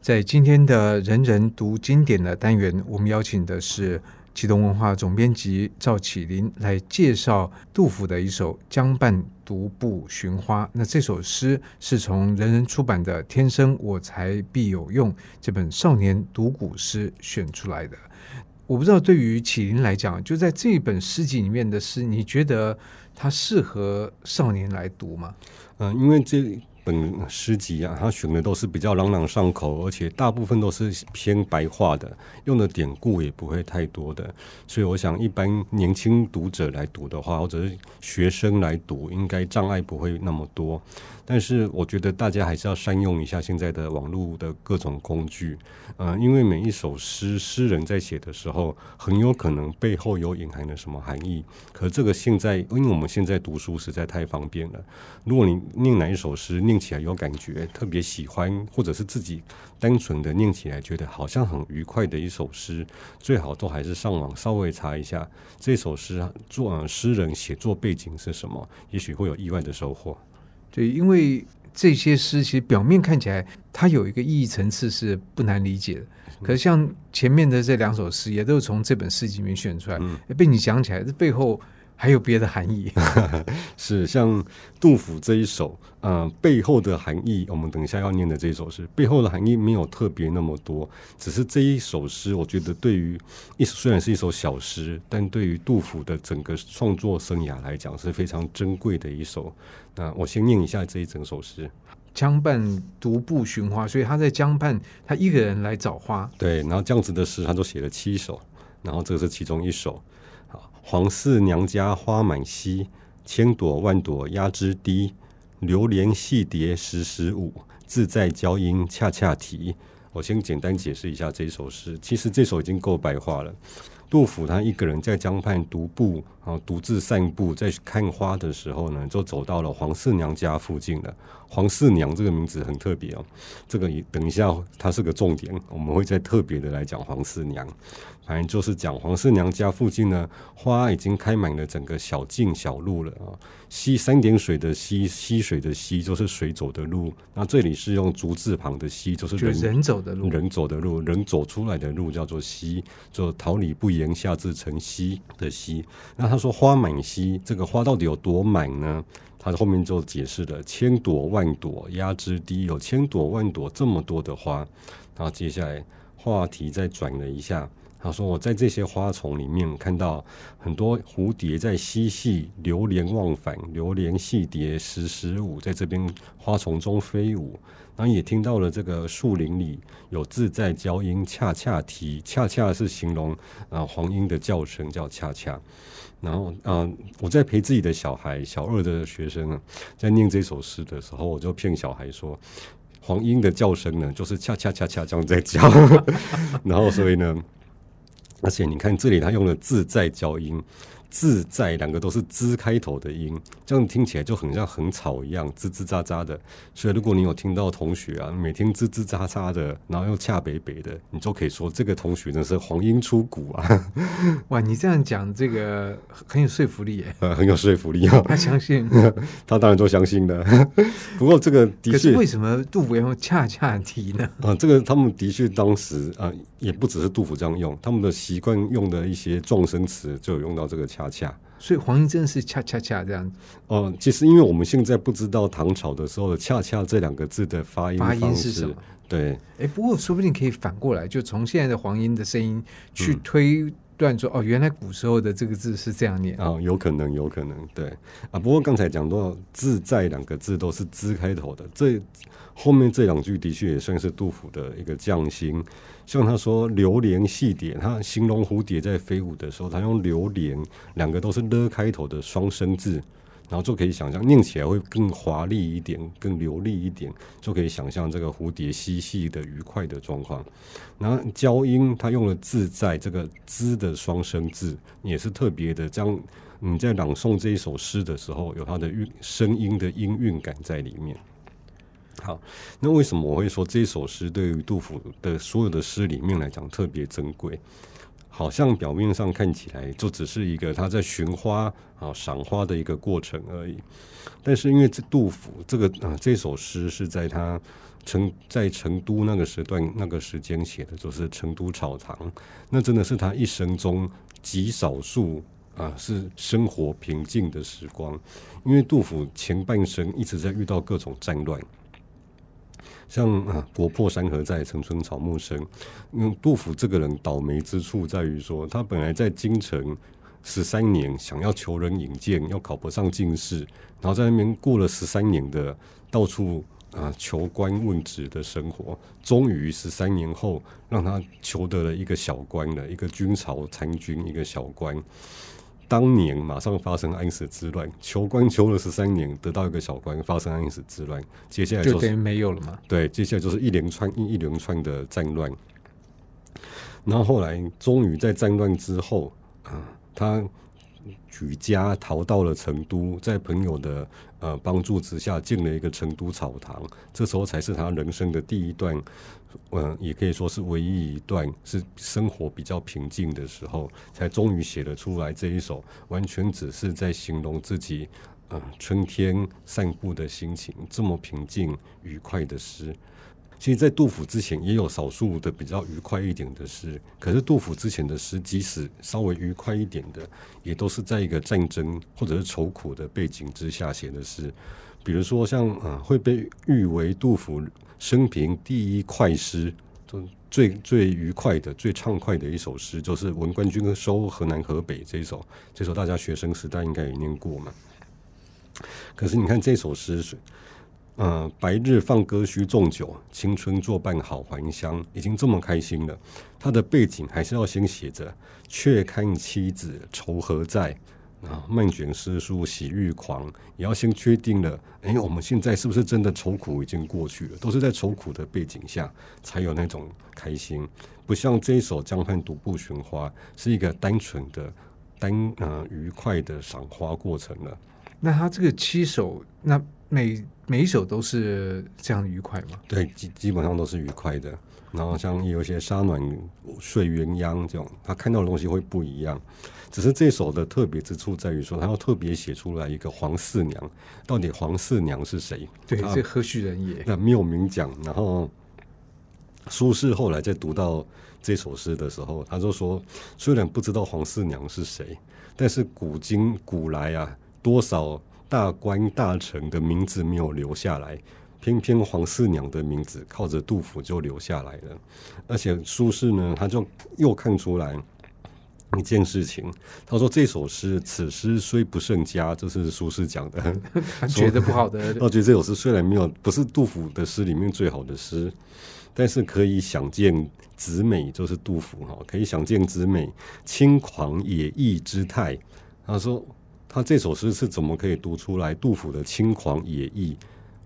在今天的“人人讀經典”的單元，我們邀請的是啟動文化總編輯趙啟麟來介紹杜甫的一首《江畔獨步尋花》。那這首詩是從人人出版的《天生我材必有用》這本少年讀古詩選出來的。我不知道對於啟麟來講，就在這一本詩集裡面的詩，你覺得它適合少年來讀嗎？嗯、呃，因為這。本詩集啊，他選的都是比較朗朗上口，而且大部分都是偏白話的，用的典故也不會太多的。所以，我想一般年輕讀者來讀的話，或者是學生來讀，應該障礙不會那麼多。但是，我覺得大家還是要善用一下現在的網絡的各種工具，呃，因為每一首詩，詩人在寫的時候，很有可能背後有隱含的什麼含義。可這個現在，因為我們現在讀書實在太方便了，如果你念哪一首詩，念起來有感覺，特別喜歡，或者是自己單純的念起來覺得好像很愉快的一首詩，最好都還是上網稍微查一下這首詩作詩人寫作背景是什麼，也許會有意外的收穫。對，因為這些詩其實表面看起來它有一個意義層次是不難理解的，可是像前面的這兩首詩也都是從這本詩集裡面選出來，嗯、被你講起來這背後，還有別的含義。 是，是像杜甫這一首，嗯、呃，背後的含義。我們等一下要念的這一首詩，背後的含義沒有特別那麼多，只是這一首詩，我覺得對於一首雖然是一首小詩，但對於杜甫的整個創作生涯來講是非常珍貴的一首。那我先念一下這一整首詩，江畔獨步尋花。所以他在江畔，他一個人來找花。對，然後這樣子的詩，他都寫了七首，然後這個是其中一首。黃四娘家花滿蹊，千朵萬朵壓枝低。留連戲蝶時時舞，自在嬌鶯恰恰啼。我先簡單解釋一下這首詩，其實這首已經夠白話了。杜甫他一個人在江畔獨步，啊，獨自散步，在看花的時候呢，就走到了黃四孃家附近了。黃四孃這個名字很特別哦，這個也等一下，它是個重點，我們會再特別的來講黃四孃。反正就是講黃四孃家附近呢，花已經開滿了整個小徑小路了啊，哦。蹊，三點水的溪，溪水的溪，就是水走的路。那這裡是用足字旁的蹊，就是，就是人走的路，人走的路，人走出來的路叫做蹊，就桃李不言。言，下自成蹊的蹊，那他說花滿蹊，這個花到底有多滿呢？他後面就解釋了，千朵萬朵壓枝低，有千朵萬朵這麼多的花。然後接下來話題再轉了一下。他說：“我在這些花叢裡面看到很多蝴蝶在嬉戲，流連忘返，流連戲蝶時時舞，在這邊花叢中飛舞。然、啊、也聽到了這個樹林裡有自在嬌鶯恰恰啼，恰恰是形容呃、啊、黃鶯的叫聲叫恰恰。然後、啊，我在陪自己的小孩小二的學生在念這首詩的時候，我就騙小孩說，黃鶯的叫聲呢，就是恰恰恰恰這樣在叫。 然後，所以呢。 ”而且你看，這裡他用了“自在”嬌鶯。自在兩個都是“滋”開頭的音，這樣聽起來就很像很吵一樣，吱吱喳喳的。所以如果你有聽到同學啊，每天吱吱喳喳的，然後又恰北北的，你就可以說這個同學呢是黃鶯出谷啊。哇，你這樣講這個很有說服力耶，呃、嗯，很有說服力啊。他相信， 他當然都相信的。 不過這個的確，可是為什麼杜甫要用恰恰啼呢？啊、嗯，這個他們的確當時啊，也不只是杜甫這樣用，他們的習慣用的一些狀聲詞就有用到這個恰。恰恰，所以黃鶯真的是恰恰恰這樣。哦、嗯，其實因為我們現在不知道唐朝的時候“恰恰”這兩個字的發音發音是什麼？對，哎、欸，不過說不定可以反過來，就從現在的黃鶯的聲音去推、嗯。斷說哦，原來古時候的這個字是這樣念啊、哦，有可能，有可能，對啊。不過剛才講到“自在”兩個字都是“之”開頭的，這後面這兩句的確也算是杜甫的一個匠心。像他說“留連戲蝶”，他形容蝴蝶在飛舞的時候，他用“留連”兩個都是“了”開頭的雙聲字。然後就可以想象，念起來會更華麗一點，更流利一點，就可以想象這個蝴蝶嬉戲的愉快的狀況。然後，嬌鶯它用了字在這個「滋」的雙聲字，也是特別的，這樣你在朗誦這一首詩的時候，有它的聲音的音韻感在裡面。好，那為什麼我會說這首詩對於杜甫的所有的詩裡面來講特別珍貴？好像表面上看起來就只是一個他在尋花啊、賞花的一個過程而已，但是因為這杜甫這個啊這首詩是在他成在成都那個時段那個時間寫的，就是成都草堂，那真的是他一生中極少數啊是生活平靜的時光，因為杜甫前半生一直在遇到各種戰亂。像啊，國破山河在，城春草木深。嗯，杜甫這個人倒霉之處在於說，他本來在京城十三年，想要求人引薦，又考不上進士，然後在那邊過了十三年的到處啊求官問職的生活，終於十三年後讓他求得了一個小官的一個軍曹參軍一個小官。當年馬上發生安史之亂，求官求了十三年，得到一個小官。發生安史之亂，接下來就是，就等於沒有了嗎？對，接下來就是一連串一連串的戰亂。然後後來，終於在戰亂之後啊、呃，他舉家逃到了成都，在朋友的呃幫助之下，進了一個成都草堂。這時候才是他人生的第一段。嗯，也可以說是唯一一段是生活比較平靜的時候，才終於寫得出來這一首，完全只是在形容自己，嗯，春天散步的心情，這麼平靜愉快的詩。其實，在杜甫之前也有少數的比較愉快一點的詩，可是杜甫之前的詩，即使稍微愉快一點的，也都是在一個戰爭或者是愁苦的背景之下寫的詩。比如說像，像嗯，會被譽為杜甫。生平第一快詩，最最愉快的、最暢快的一首詩，就是《聞官軍收河南河北》這一首。這一首大家學生時代應該也念過嘛？可是你看這首詩，嗯、呃，白日放歌須縱酒，青春作伴好還鄉，已經這麼開心了，他的背景還是要先寫着，卻看妻子愁何在。啊、嗯，漫卷詩書喜欲狂，也要先確定了。哎、欸，我們現在是不是真的愁苦已經過去了？都是在愁苦的背景下才有那種開心，不像這一首《江畔獨步尋花》是一個單純的、單呃愉快的賞花過程了。那他這個七首，那每每一首都是這樣愉快嗎？對，基基本上都是愉快的。然後像也有些沙暖睡鴛鴦這種，他看到的東西會不一樣。只是這首的特別之處在於說，他要特別寫出來一個黃四娘，到底黃四娘是誰？對，這何許人也？那沒有明講。然後蘇軾後來在讀到這首詩的時候，他就說：雖然不知道黃四娘是誰，但是古今古來啊，多少大官大臣的名字沒有留下來。偏偏黃四娘的名字靠着杜甫就留下來了，而且蘇軾呢，他就又看出來一件事情。他說這首詩，此詩雖不甚佳，這是蘇軾講的，他覺得不好的。他覺得這首詩雖然沒有不是杜甫的詩裡面最好的詩，但是可以想見子美，就是杜甫哈，可以想見子美輕狂野逸之態。他說他這首詩是怎麼可以讀出來杜甫的輕狂野逸？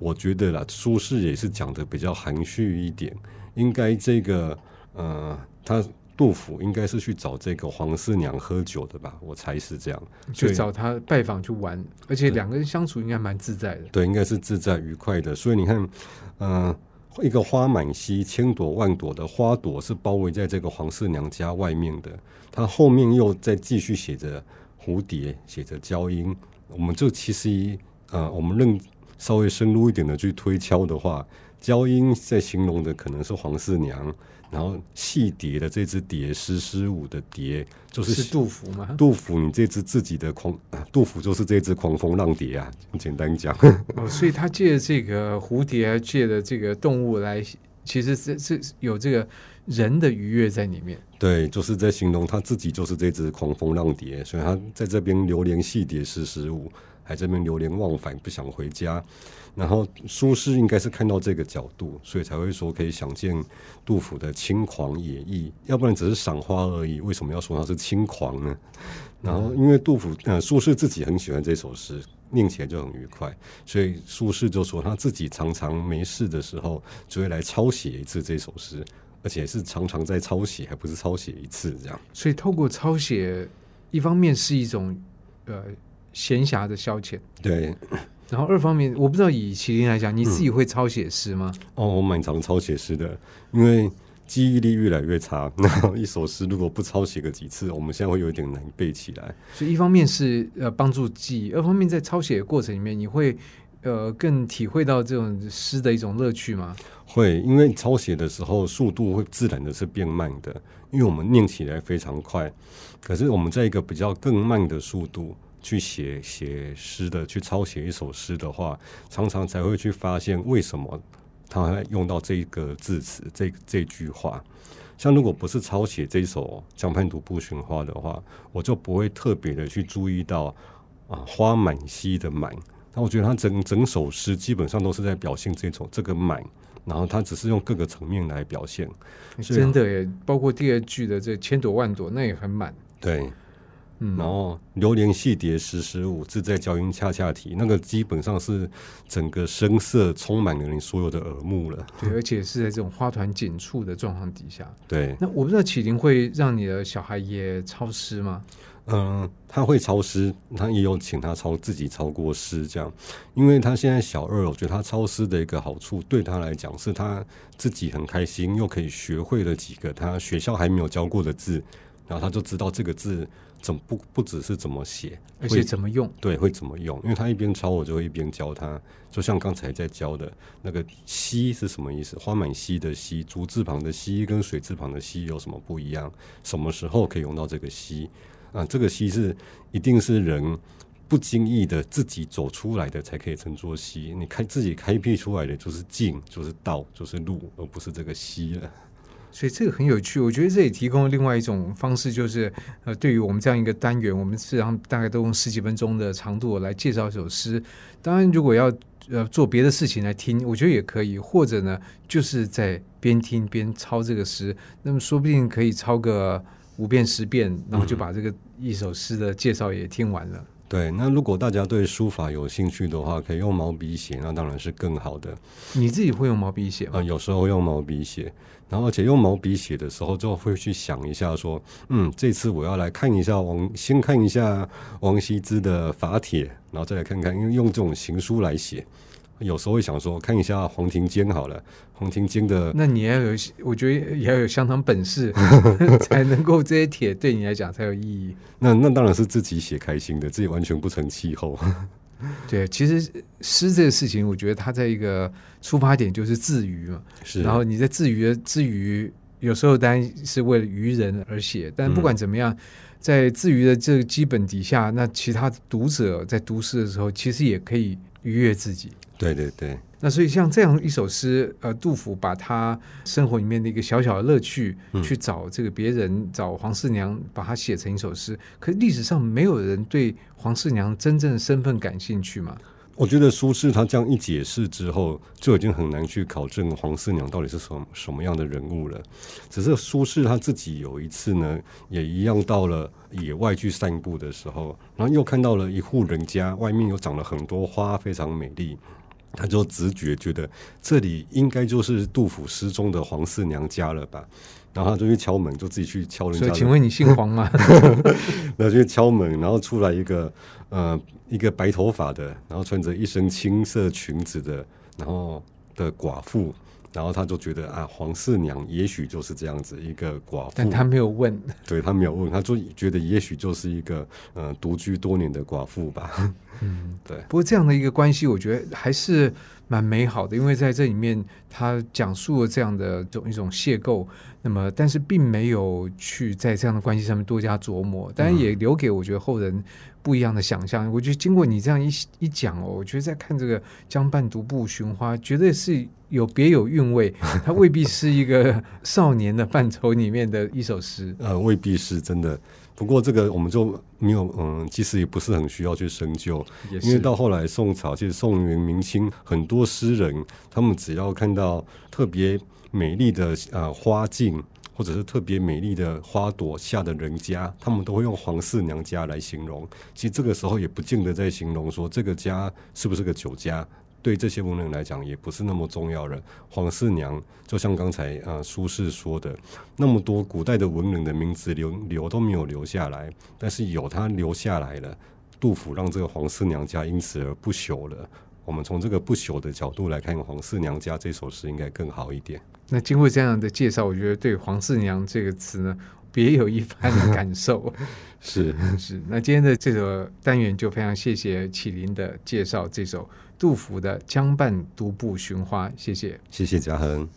我覺得啦，蘇軾也是講得比較含蓄一點。應該這個，呃，他杜甫應該是去找這個黃四娘喝酒的吧？我猜是這樣，去找他拜訪去玩，而且兩個人相處應該蠻自在的。對，應該是自在愉快的。所以你看，呃，一個花滿蹊，千朵萬朵的花朵是包圍在這個黃四娘家外面的。他後面又再繼續寫着蝴蝶，寫着嬌鶯。我們這其實，呃，我們認。稍微深入一點的去推敲的話，嬌鶯在形容的可能是黃四娘，然後戲蝶的這只蝶，時時舞的蝶，就是、是杜甫嗎？杜甫，你這只自己的狂、啊，杜甫就是這只狂風浪蝶啊，簡單講、哦。所以他借這個蝴蝶，借的這個動物來，其實是是有這個人的愉悅在裡面。對，就是在形容他自己就是這只狂風浪蝶，所以他在這邊留連戲蝶時時舞。還在那邊流連忘返，不想回家。然後蘇軾應該是看到這個角度，所以才會說可以想見杜甫的輕狂野逸，要不然只是賞花而已，為什麼要說他是輕狂呢？然後因為杜甫呃，蘇軾自己很喜歡這首詩，念起來就很愉快，所以蘇軾就說他自己常常沒事的時候就會來抄寫一次這首詩，而且是常常在抄寫，還不是抄寫一次這樣。所以透過抄寫，一方面是一種呃。閒暇的消遣，對。然後二方面，我不知道以啟麟來講，你自己會抄寫詩嗎？哦、嗯，我蠻常抄寫詩的，因為記憶力越來越差。然後一首詩如果不抄寫個幾次，我們現在會有點難背起來。所以一方面是呃幫助記憶，二方面在抄寫的過程裡面，你會呃更體會到這種詩的一種樂趣嗎？會，因為抄寫的時候速度會自然的是變慢的，因為我們念起來非常快，可是我們在一個比較更慢的速度。去寫寫詩的，去抄寫一首詩的話，常常才會去發現為什麼他還用到這個字詞，這這句話。像如果不是抄寫這首《江畔獨步尋花》的話，我就不會特別的去注意到啊“花滿蹊”的“滿”。那我覺得他整整首詩基本上都是在表現這種這個“滿”，然後他只是用各個層面來表現。啊、真的耶，包括第二句的這“千朵萬朵”那也很滿。對。嗯、然後流連戲蝶時時舞，自在嬌鶯恰恰啼。那個基本上是整個聲色充滿了你所有的耳目了。對，而且是在這種花團錦簇的狀況底下。對。那我不知道啟麟會讓你的小孩也抄詩嗎？嗯、呃，他會抄詩，他也有請他抄自己抄過詩這樣。因為他現在小二，我覺得他抄詩的一個好處，對他來講是他自己很開心，又可以學會了幾個他學校還沒有教過的字，然後他就知道這個字。怎不不只是怎麼寫，而且怎麼用？對，會怎麼用？因為他一邊抄，我就會一邊教他。就像剛才在教的那個“蹊”是什麼意思？“花滿蹊”的“蹊”，竹字旁的“蹊”跟水字旁的“溪”有什麼不一樣？什麼時候可以用到這個“蹊”？啊，這個“蹊”是一定是人不經意的自己走出來的才可以稱作“蹊”。你開自己開闢出來的就是徑，就是道，就是路，而不是這個“蹊”了。所以這個很有趣，我覺得這也提供另外一種方式，就是呃，對於我們這樣一個單元，我們通常大概都用十幾分鐘的長度來介紹一首詩。當然，如果要呃做別的事情來聽，我覺得也可以。或者呢，就是在邊聽邊抄這個詩，那麼說不定可以抄個五遍十遍，然後就把這個一首詩的介紹也聽完了。對，那如果大家對書法有興趣的話，可以用毛筆寫，那當然是更好的。你自己會用毛筆寫嗎？嗯，有時候用毛筆寫，然後而且用毛筆寫的時候就會去想一下，說，嗯，這次我要來看一下王，先看一下王羲之的法帖，然後再來看看用用這種行書來寫。有時候會想說看一下黃庭堅好了，黃庭堅的，那你要有，我覺得也要有相當本事 才能夠，這些帖對你來講才有意義。那那當然是自己寫開心的，自己完全不成氣候。 對，其實詩這個事情，我覺得它在一個出發點就是自娛嘛。是，然後你在自娛自娛，有時候單是為了娛人而寫，但不管怎麼樣，嗯、在自娛的這個基本底下，那其他讀者在讀詩的時候，其實也可以愉悅自己。對對對，那所以像這樣一首詩，呃，杜甫把他生活裡面的一個小小的樂趣、嗯、去找這個別人，找黃四娘，把它寫成一首詩。可是歷史上沒有人對黃四娘真正的身份感興趣嘛？我覺得蘇軾他這樣一解釋之後，就已經很難去考證黃四娘到底是什麼什麼樣的人物了。只是蘇軾他自己有一次呢，也一樣到了野外去散步的時候，然後又看到了一戶人家，外面又長了很多花，非常美麗。他就直覺覺得這裡應該就是杜甫詩中的黃四娘家了吧，然後他就去敲門，就自己去敲人家。所以，請問你姓黃嗎？然後去敲門，然後出來一個呃，一個白頭髮的，然後穿着一身青色裙子的，然後的寡婦。然後他就覺得啊，黃四娘也許就是這樣子一個寡婦，但他沒有問，對他沒有問，他就覺得也許就是一個呃獨居多年的寡婦吧。嗯，對。不過這樣的一個關係，我覺得還是。蠻美好的，因為在這裡面他講述了這樣的種一種邂逅，那麼但是並沒有去在這樣的關係上面多加琢磨，但也留給我覺得後人不一樣的想象嗯、我覺得經過你這樣一一講哦，我覺得在看這個《江畔獨步尋花》，絕對是有別有韻味。它未必是一個少年的範疇裡面的一首詩， 呃，未必是真的。不過這個我們就。沒有，嗯，其實也不是很需要去深究，因為到後來宋朝，其實宋元明清很多詩人，他們只要看到特別美麗的呃花徑，或者是特別美麗的花朵下的人家，他們都會用“黃四娘家”來形容。其實這個時候也不見得在形容說這個家是不是個酒家。對這些文人來講也不是那麼重要了。黃四娘就像剛才啊，呃，蘇軾說的，那麼多古代的文人的名字留留都沒有留下來，但是有他留下來了。杜甫讓這個黃四娘家因此而不朽了。我們從這個不朽的角度來看黃四娘家這首詩應該更好一點。那經過這樣的介紹，我覺得對“黃四娘”這個詞呢。別有一番感受， 是， 是是。那今天的這首單元就非常謝謝啟麟的介紹這首杜甫的《江畔獨步尋花》，謝謝，謝謝嘉恆。